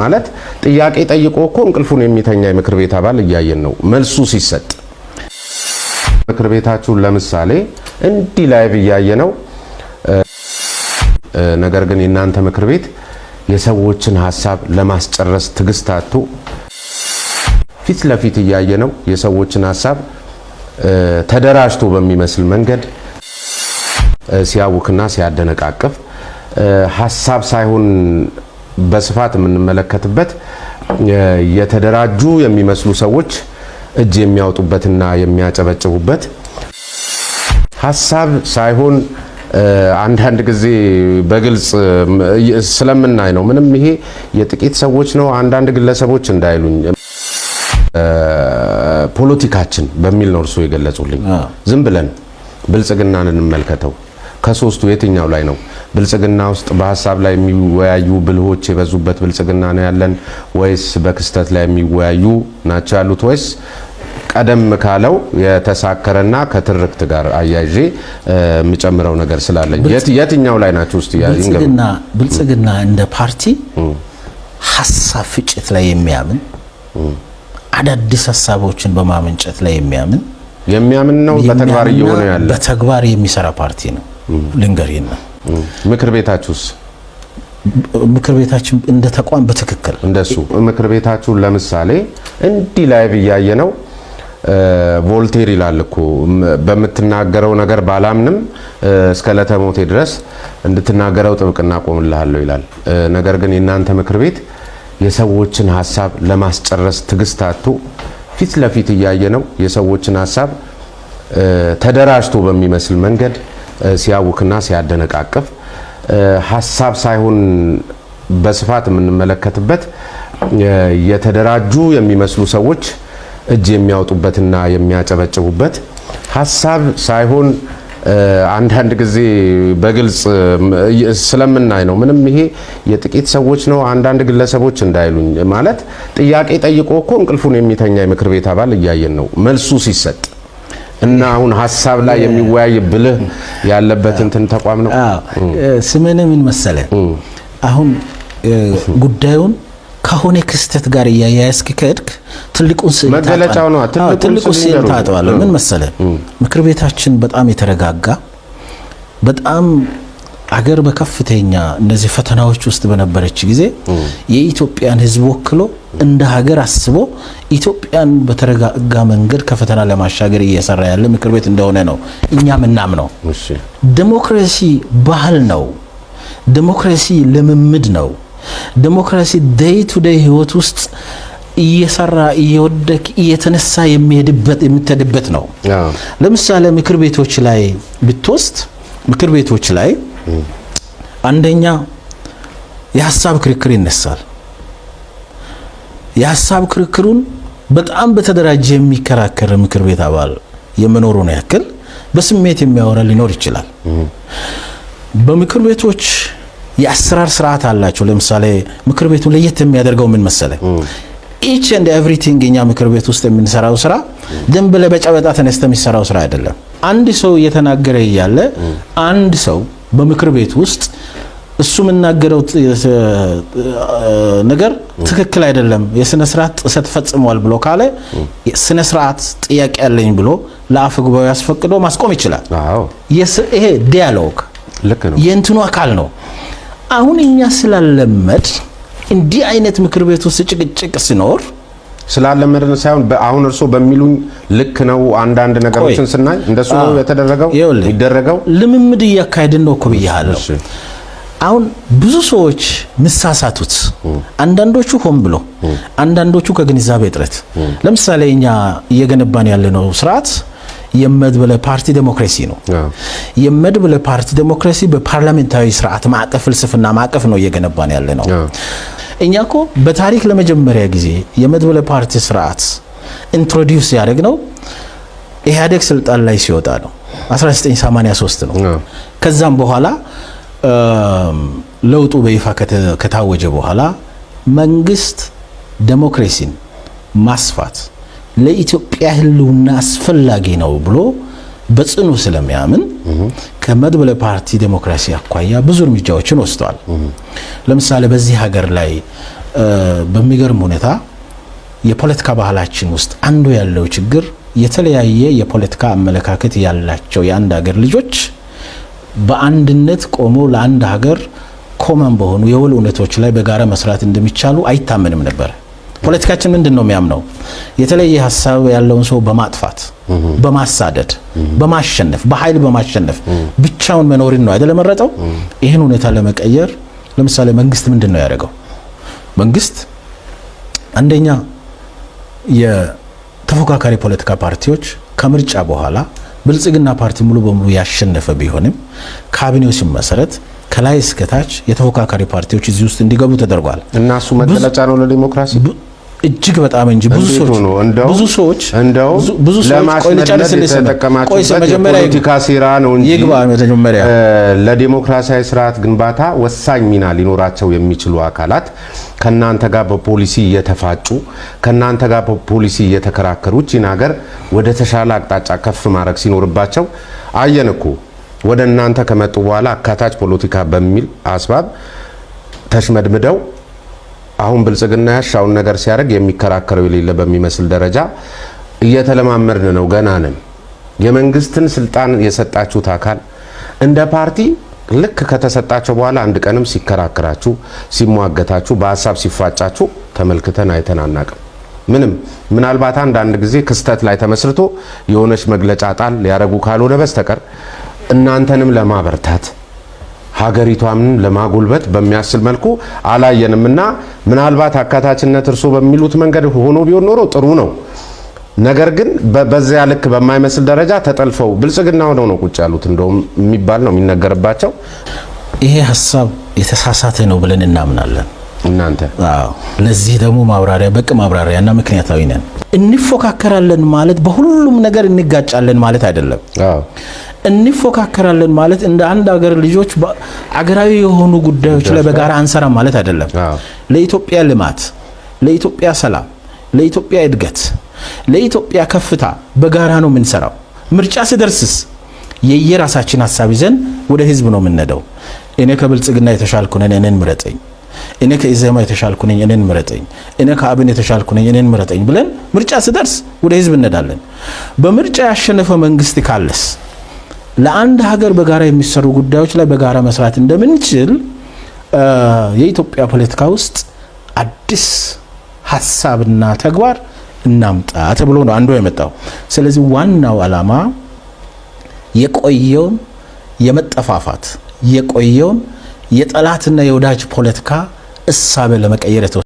ማለት ጥያቄ ጠይቆ እኮ እንቅልፉን የሚተኛ የምክር ቤት አባል እያየን ነው። መልሱ ሲሰጥ ምክር ቤታችሁን ለምሳሌ እንዲህ ላይቭ እያየ ነው። ነገር ግን የእናንተ ምክር ቤት የሰዎችን ሀሳብ ለማስጨረስ ትግስት አቶ ፊት ለፊት እያየ ነው። የሰዎችን ሀሳብ ተደራጅቶ በሚመስል መንገድ ሲያውክና ሲያደነቃቅፍ ሀሳብ ሳይሆን በስፋት የምንመለከትበት የተደራጁ የሚመስሉ ሰዎች እጅ የሚያወጡበትና የሚያጨበጭቡበት ሀሳብ ሳይሆን አንዳንድ ጊዜ በግልጽ ስለምናይ ነው። ምንም ይሄ የጥቂት ሰዎች ነው፣ አንዳንድ ግለሰቦች እንዳይሉኝ ፖለቲካችን በሚል ነው እርስ የገለጹልኝ። ዝም ብለን ብልጽግናን እንመልከተው። ከሶስቱ የትኛው ላይ ነው ብልጽግና ውስጥ በሀሳብ ላይ የሚወያዩ ብልሆች የበዙበት ብልጽግና ነው ያለን ወይስ በክስተት ላይ የሚወያዩ ናቸው ያሉት ወይስ ቀደም ካለው የተሳከረና ከትርክት ጋር አያይዤ የምጨምረው ነገር ስላለኝ የትኛው ላይ ናቸው ውስጥ ብልጽግና እንደ ፓርቲ ሀሳብ ፍጭት ላይ የሚያምን አዳዲስ ሀሳቦችን በማመንጨት ላይ የሚያምን የሚያምን ነው። በተግባር እየሆነ ያለ በተግባር የሚሰራ ፓርቲ ነው። ልንገርህ ነው። ምክር ቤታችሁስ? ምክር ቤታችን እንደ ተቋም በትክክል እንደሱ ምክር ቤታችሁን ለምሳሌ እንዲህ ላይ እያየ ነው ቮልቴር ይላል እኮ በምትናገረው ነገር ባላምንም እስከ ዕለተ ሞቴ ድረስ እንድትናገረው ጥብቅና ቆምልሃለሁ ይላል። ነገር ግን የእናንተ ምክር ቤት የሰዎችን ሀሳብ ለማስጨረስ ትግስት አጥቶ ፊት ለፊት እያየ ነው የሰዎችን ሀሳብ ተደራጅቶ በሚመስል መንገድ ሲያውክና ሲያደነቃቅፍ ሀሳብ ሳይሆን በስፋት የምንመለከትበት የተደራጁ የሚመስሉ ሰዎች እጅ የሚያወጡበትና የሚያጨበጭቡበት ሀሳብ ሳይሆን አንዳንድ ጊዜ በግልጽ ስለምናይ ነው። ምንም ይሄ የጥቂት ሰዎች ነው አንዳንድ ግለሰቦች እንዳይሉኝ ማለት ጥያቄ ጠይቆ እኮ እንቅልፉን የሚተኛ የምክር ቤት አባል እያየን ነው መልሱ ሲሰጥ እና አሁን ሀሳብ ላይ የሚወያይ ብልህ ያለበት እንትን ተቋም ነው። ስሜነ ምን መሰለ አሁን ጉዳዩን ከሆነ ክስተት ጋር እያያያዝክ ከሄድክ ትልቁን ስዕል መገለጫው ነው። ትልቁን ስዕል ታጠዋለህ። ምን መሰለ ምክር ቤታችን በጣም የተረጋጋ በጣም አገር በከፍተኛ እነዚህ ፈተናዎች ውስጥ በነበረች ጊዜ የኢትዮጵያን ሕዝብ ወክሎ እንደ ሀገር አስቦ ኢትዮጵያን በተረጋጋ መንገድ ከፈተና ለማሻገር እየሰራ ያለ ምክር ቤት እንደሆነ ነው እኛ ምናምነው። ዴሞክራሲ ባህል ነው። ዴሞክራሲ ልምምድ ነው። ዴሞክራሲ ደይ ቱ ደይ ህይወት ውስጥ እየሰራ እየወደቅ እየተነሳ የሚሄድበት የምትሄድበት ነው። ለምሳሌ ምክር ቤቶች ላይ ብትወስድ ምክር ቤቶች ላይ አንደኛ የሀሳብ ክርክር ይነሳል። የሀሳብ ክርክሩን በጣም በተደራጀ የሚከራከር ምክር ቤት አባል የመኖሩን ያክል በስሜት የሚያወራ ሊኖር ይችላል። በምክር ቤቶች የአሰራር ስርዓት አላቸው። ለምሳሌ ምክር ቤቱን ለየት የሚያደርገው ምን መሰለ? ኢች ኤንድ ኤቭሪቲንግ እኛ ምክር ቤት ውስጥ የምንሰራው ስራ ደንብ ለበጨበጣ ተነስተ የሚሰራው ስራ አይደለም። አንድ ሰው እየተናገረ እያለ አንድ ሰው በምክር ቤት ውስጥ እሱ የምናገረው ነገር ትክክል አይደለም፣ የስነ ስርዓት ጥሰት ፈጽሟል ብሎ ካለ ስነ ስርዓት ጥያቄ ያለኝ ብሎ ለአፈ ጉባኤው ማስቆም ይችላል። ይሄ ዲያሎግ የእንትኑ አካል ነው። አሁን እኛ ስላለመድ እንዲህ አይነት ምክር ቤት ውስጥ ጭቅጭቅ ሲኖር ስላለመድን ሳይሆን አሁን እርሶ በሚሉኝ ልክ ነው። አንዳንድ ነገሮችን ስናይ እንደሱ ነው የተደረገው ይደረገው ልምምድ እያካሄድን ነው እኮ ብያለሁ። አሁን ብዙ ሰዎች ምሳሳቱት አንዳንዶቹ ሆን ብሎ፣ አንዳንዶቹ ከግንዛቤ እጥረት። ለምሳሌ እኛ እየገነባን ያለነው ስርዓት የመድበለ ፓርቲ ዴሞክራሲ ነው። የመድበለ ፓርቲ ዴሞክራሲ በፓርላሜንታዊ ስርዓት ማዕቀፍ፣ ፍልስፍና ማዕቀፍ ነው እየገነባን ያለነው። እኛ ኮ በታሪክ ለመጀመሪያ ጊዜ የመድበለ ፓርቲ ስርዓት ኢንትሮዲውስ ያደግ ነው ኢህአዴግ ስልጣን ላይ ሲወጣ ነው 1983 ነው። ከዛም በኋላ ለውጡ በይፋ ከታወጀ በኋላ መንግስት ዴሞክራሲን ማስፋት ለኢትዮጵያ ህልውና አስፈላጊ ነው ብሎ በጽኑ ስለሚያምን ከመድበለ ፓርቲ ዴሞክራሲ አኳያ ብዙ እርምጃዎችን ወስዷል። ለምሳሌ በዚህ ሀገር ላይ በሚገርም ሁኔታ የፖለቲካ ባህላችን ውስጥ አንዱ ያለው ችግር የተለያየ የፖለቲካ አመለካከት ያላቸው የአንድ ሀገር ልጆች በአንድነት ቆመው ለአንድ ሀገር ኮመን በሆኑ የወል እውነቶች ላይ በጋራ መስራት እንደሚቻሉ አይታመንም ነበር። ፖለቲካችን ምንድን ነው የሚያምነው? የተለየ ሀሳብ ያለውን ሰው በማጥፋት በማሳደድ በማሸነፍ በኃይል በማሸነፍ ብቻውን መኖሪን ነው አይደለም መረጠው። ይህን ሁኔታ ለመቀየር ለምሳሌ መንግስት ምንድን ነው ያደረገው? መንግስት አንደኛ የተፎካካሪ ፖለቲካ ፓርቲዎች ከምርጫ በኋላ ብልጽግና ፓርቲ ሙሉ በሙሉ ያሸነፈ ቢሆንም ካቢኔው ሲመሰረት ከላይ እስከታች የተፎካካሪ ፓርቲዎች እዚህ ውስጥ እንዲገቡ ተደርጓል እና እሱ መገለጫ ነው ለዲሞክራሲ እጅግ በጣም እንጂ ብዙ ሰዎች ብዙ ሰዎች እንደው ብዙ ሰዎች ቆይ ልጨርስልህ፣ የፖለቲካ ሴራ ነው እንጂ ለዲሞክራሲያዊ ስርዓት ግንባታ ወሳኝ ሚና ሊኖራቸው የሚችሉ አካላት ከናንተ ጋር በፖሊሲ እየተፋጩ ከናንተ ጋር በፖሊሲ እየተከራከሩ ይህን ሀገር ወደ ተሻለ አቅጣጫ ከፍ ማድረግ ሲኖርባቸው አየን እኮ ወደ እናንተ ከመጡ በኋላ አካታች ፖለቲካ በሚል አስባብ ተሽመድምደው አሁን ብልጽግና ያሻውን ነገር ሲያደርግ የሚከራከረው የሌለ በሚመስል ደረጃ እየተለማመድን ነው። ገና ነን። የመንግስትን ስልጣን የሰጣችሁት አካል እንደ ፓርቲ ልክ ከተሰጣቸው በኋላ አንድ ቀንም ሲከራከራችሁ፣ ሲሟገታችሁ፣ በሀሳብ ሲፋጫችሁ ተመልክተን አይተን አናቅም። ምንም ምናልባት አንዳንድ ጊዜ ክስተት ላይ ተመስርቶ የሆነች መግለጫ ጣል ሊያደርጉ ካልሆነ በስተቀር እናንተንም ለማበርታት ሀገሪቷን ለማጎልበት በሚያስችል መልኩ አላየንም እና ምናልባት አካታችነት እርሶ በሚሉት መንገድ ሆኖ ቢሆን ኖሮ ጥሩ ነው። ነገር ግን በዚያ ልክ በማይመስል ደረጃ ተጠልፈው ብልጽግና ሆነው ነው ቁጭ ያሉት እንደውም የሚባል ነው የሚነገርባቸው። ይሄ ሀሳብ የተሳሳተ ነው ብለን እናምናለን። እናንተ ለዚህ ደግሞ ማብራሪያ በቂ ማብራሪያ እና ምክንያታዊ ነን። እንፎካከራለን ማለት በሁሉም ነገር እንጋጫለን ማለት አይደለም። እንፎካከራለን ማለት እንደ አንድ አገር ልጆች አገራዊ የሆኑ ጉዳዮች ላይ በጋራ አንሰራ ማለት አይደለም። ለኢትዮጵያ ልማት፣ ለኢትዮጵያ ሰላም፣ ለኢትዮጵያ እድገት፣ ለኢትዮጵያ ከፍታ በጋራ ነው የምንሰራው። ምርጫ ስደርስስ የየራሳችን ሀሳብ ይዘን ወደ ህዝብ ነው የምንነደው። እኔ ከብልጽግና የተሻልኩ ነኝ፣ እኔን ምረጠኝ እኔ ከኢዜማ የተሻልኩ ነኝ እኔን ምረጠኝ፣ እኔ ከአብን የተሻልኩ ነኝ እኔን ምረጠኝ ብለን ምርጫ ስደርስ ወደ ህዝብ እንነዳለን። በምርጫ ያሸነፈ መንግስት ካለስ ለአንድ ሀገር በጋራ የሚሰሩ ጉዳዮች ላይ በጋራ መስራት እንደምንችል የኢትዮጵያ ፖለቲካ ውስጥ አዲስ ሀሳብና ተግባር እናምጣ ተብሎ ነው አንዱ የመጣው። ስለዚህ ዋናው ዓላማ የቆየውን የመጠፋፋት የቆየውን የጠላትና የወዳጅ ፖለቲካ እሳቤ ለመቀየር